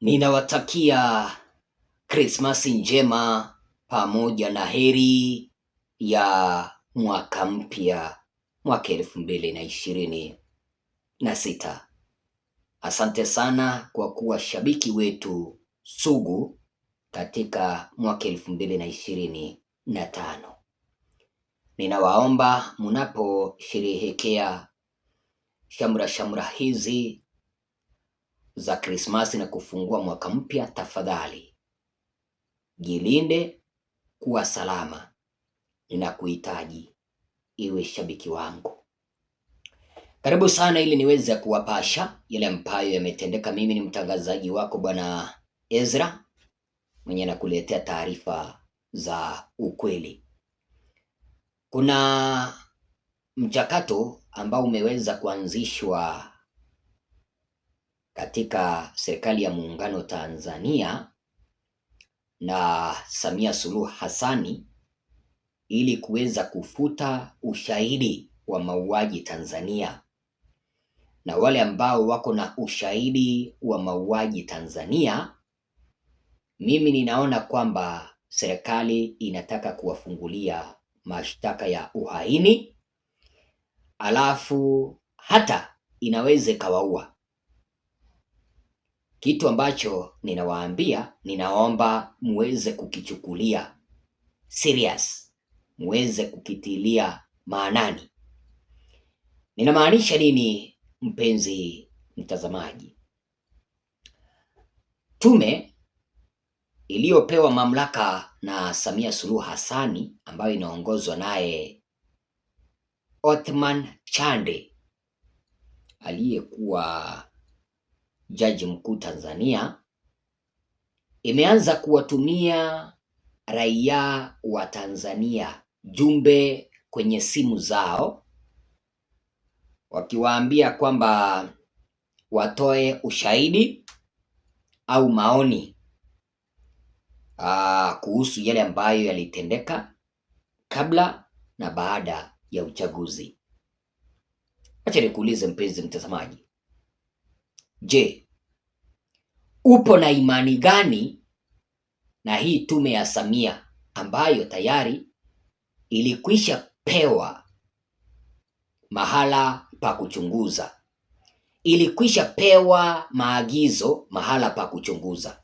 Mm. Ninawatakia Krismasi njema pamoja na heri ya mwaka mpya mwaka elfu mbili na ishirini na sita. Asante sana kwa kuwa shabiki wetu sugu katika mwaka elfu mbili na ishirini na tano. Ninawaomba mnaposherehekea shamra shamra hizi za Krismasi na kufungua mwaka mpya, tafadhali jilinde, kuwa salama, ninakuhitaji iwe shabiki wangu. Karibu sana ili niweze kuwapasha yale ambayo yametendeka. Mimi ni mtangazaji wako Bwana Ezra mwenye nakuletea taarifa za ukweli. Kuna mchakato ambao umeweza kuanzishwa katika serikali ya muungano Tanzania na Samia Suluhu Hassani ili kuweza kufuta ushahidi wa mauaji Tanzania, na wale ambao wako na ushahidi wa mauaji Tanzania, mimi ninaona kwamba serikali inataka kuwafungulia mashtaka ya uhaini, alafu hata inaweza ikawaua kitu ambacho ninawaambia, ninaomba muweze kukichukulia serious, muweze kukitilia maanani. Ninamaanisha nini, mpenzi mtazamaji? Tume iliyopewa mamlaka na Samia Suluhu Hassani ambayo inaongozwa naye Othman Chande aliyekuwa jaji mkuu Tanzania imeanza kuwatumia raia wa Tanzania jumbe kwenye simu zao wakiwaambia kwamba watoe ushahidi au maoni aa, kuhusu yale ambayo yalitendeka kabla na baada ya uchaguzi. Acha nikuulize mpenzi mtazamaji, Je, upo na imani gani na hii tume ya Samia ambayo tayari ilikwisha pewa mahala pa kuchunguza, ilikwisha pewa maagizo mahala pa kuchunguza.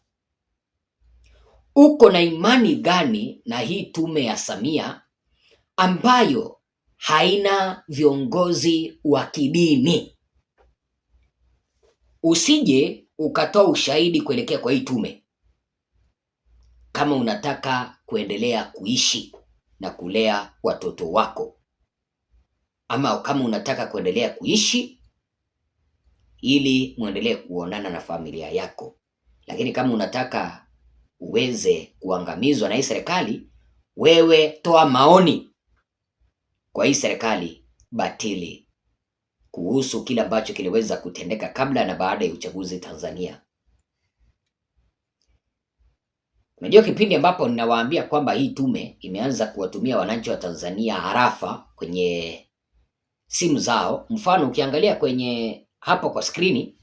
Uko na imani gani na hii tume ya Samia ambayo haina viongozi wa kidini? usije ukatoa ushahidi kuelekea kwa hii tume kama unataka kuendelea kuishi na kulea watoto wako, ama kama unataka kuendelea kuishi ili muendelee kuonana na familia yako. Lakini kama unataka uweze kuangamizwa na hii serikali, wewe toa maoni kwa hii serikali batili kuhusu kile ambacho kiliweza kutendeka kabla na baada ya uchaguzi Tanzania. Unajua, kipindi ambapo ninawaambia kwamba hii tume imeanza kuwatumia wananchi wa Tanzania harafa kwenye simu zao, mfano ukiangalia kwenye hapo kwa skrini,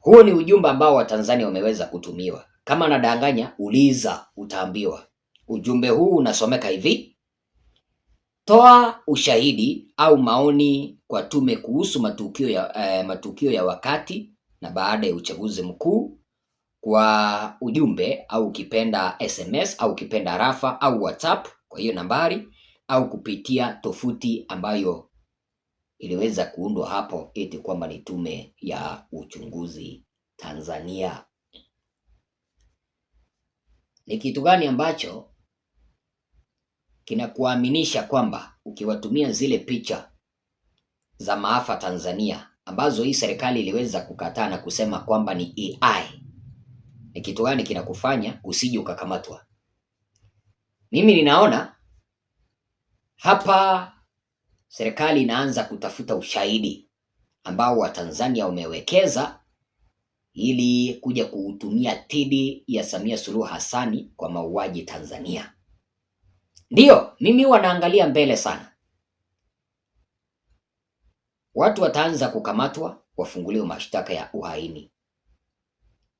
huo ni ujumbe ambao Watanzania wameweza kutumiwa. Kama nadanganya, uliza, utaambiwa. Ujumbe huu unasomeka hivi: Toa ushahidi au maoni kwa tume kuhusu matukio ya, eh, matukio ya wakati na baada ya uchaguzi mkuu kwa ujumbe au ukipenda SMS au ukipenda rafa au WhatsApp kwa hiyo nambari au kupitia tofuti ambayo iliweza kuundwa hapo eti kwamba ni Tume ya Uchunguzi Tanzania. Ni kitu gani ambacho kinakuaminisha kwamba ukiwatumia zile picha za maafa Tanzania ambazo hii serikali iliweza kukataa na kusema kwamba ni AI, ni kitu gani kinakufanya usije ukakamatwa? Mimi ninaona hapa serikali inaanza kutafuta ushahidi ambao Watanzania wamewekeza ili kuja kuutumia dhidi ya Samia Suluhu Hassani kwa mauaji Tanzania. Ndiyo, mimi huwa naangalia mbele sana. Watu wataanza kukamatwa, wafunguliwe mashtaka ya uhaini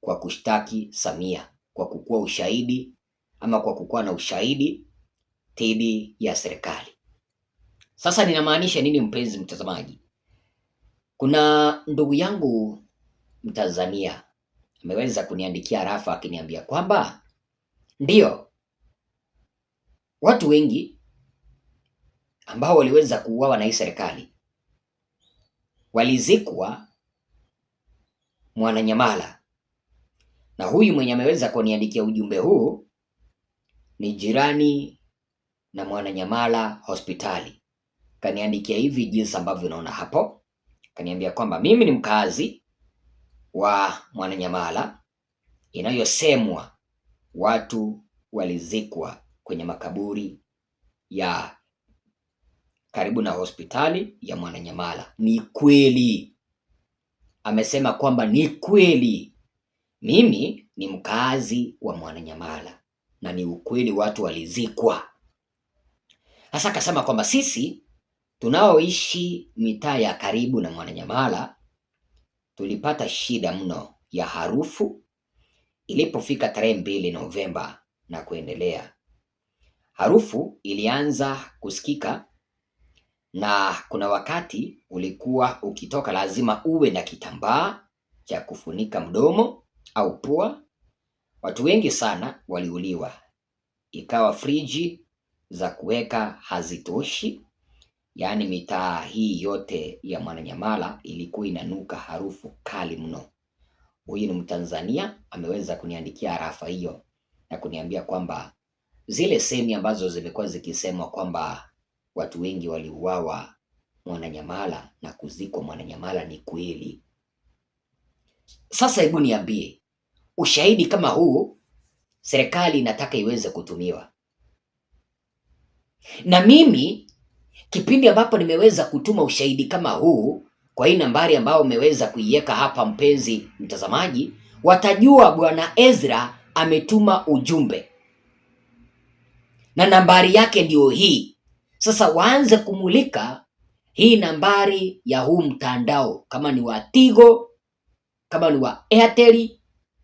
kwa kushtaki Samia kwa kukuwa ushahidi ama kwa kukuwa na ushahidi dhidi ya serikali. Sasa ninamaanisha nini, mpenzi mtazamaji? Kuna ndugu yangu Mtanzania ameweza kuniandikia rafa akiniambia kwamba ndiyo Watu wengi ambao waliweza kuuawa na hii serikali walizikwa Mwananyamala, na huyu mwenye ameweza kuniandikia ujumbe huu ni jirani na Mwananyamala hospitali. Kaniandikia hivi jinsi ambavyo unaona hapo, kaniambia kwamba mimi ni mkazi wa Mwananyamala inayosemwa watu walizikwa kwenye makaburi ya karibu na hospitali ya Mwananyamala. Ni kweli, amesema kwamba ni kweli. Mimi ni mkazi wa Mwananyamala na ni ukweli watu walizikwa. Hasa akasema kwamba sisi tunaoishi mitaa ya karibu na Mwananyamala tulipata shida mno ya harufu ilipofika tarehe mbili Novemba na kuendelea Harufu ilianza kusikika na kuna wakati ulikuwa ukitoka lazima uwe na kitambaa cha kufunika mdomo au pua. Watu wengi sana waliuliwa, ikawa friji za kuweka hazitoshi. Yaani mitaa hii yote ya Mwananyamala ilikuwa inanuka harufu kali mno. Huyu ni Mtanzania ameweza kuniandikia arafa hiyo na kuniambia kwamba zile semi ambazo zimekuwa zikisemwa kwamba watu wengi waliuawa Mwananyamala na kuzikwa Mwananyamala ni kweli. Sasa hebu niambie, ushahidi kama huu serikali inataka iweze kutumiwa na mimi kipindi ambapo nimeweza kutuma ushahidi kama huu kwa hii nambari ambayo umeweza kuiweka hapa, mpenzi mtazamaji, watajua bwana Ezra ametuma ujumbe na nambari yake ndio hii. Sasa waanze kumulika hii nambari ya huu mtandao, kama ni wa Tigo, kama ni wa Airtel,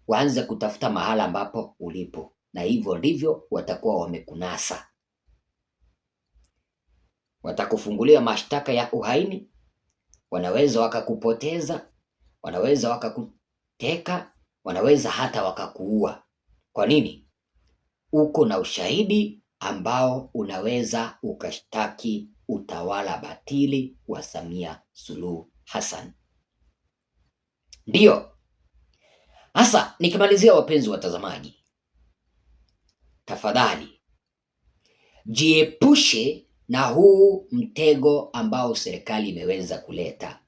waanze kutafuta mahala ambapo ulipo, na hivyo ndivyo watakuwa wamekunasa. Watakufungulia mashtaka ya uhaini, wanaweza wakakupoteza, wanaweza wakakuteka, wanaweza hata wakakuua. Kwa nini? Uko na ushahidi ambao unaweza ukashtaki utawala batili wa Samia Suluhu Hassan. Ndiyo hasa nikimalizia, wapenzi watazamaji, tafadhali jiepushe na huu mtego ambao serikali imeweza kuleta.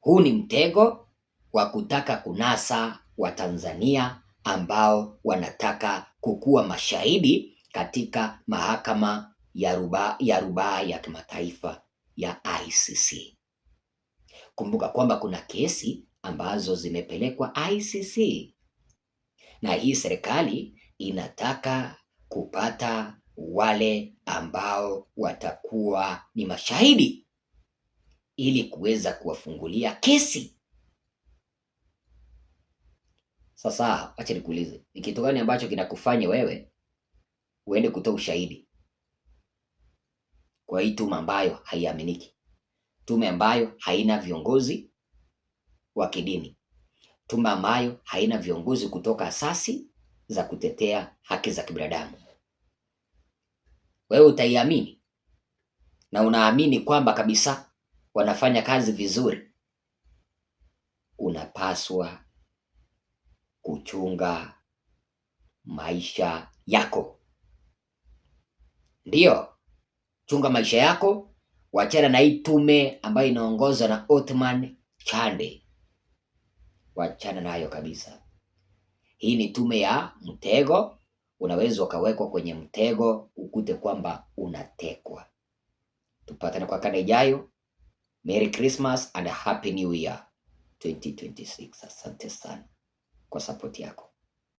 Huu ni mtego wa kutaka kunasa Watanzania ambao wanataka kukuwa mashahidi katika mahakama ya rubaa ya, ruba ya kimataifa ya ICC. Kumbuka kwamba kuna kesi ambazo zimepelekwa ICC na hii serikali inataka kupata wale ambao watakuwa ni mashahidi ili kuweza kuwafungulia kesi. Sasa acha nikuulize, ni kitu gani ambacho kinakufanya wewe uende kutoa ushahidi kwa hii tume ambayo haiaminiki, tume ambayo haina viongozi wa kidini, tume ambayo haina viongozi kutoka asasi za kutetea haki za kibinadamu. Wewe utaiamini na unaamini kwamba kabisa wanafanya kazi vizuri, unapaswa kuchunga maisha yako Ndiyo, chunga maisha yako, wachana na hii tume ambayo inaongozwa na Othman Chande, wachana nayo kabisa. Hii ni tume ya mtego. Unaweza ukawekwa kwenye mtego ukute kwamba unatekwa. Tupatane kwa kanda ijayo. Merry Christmas and Happy New Year 2026. Asante sana kwa sapoti yako.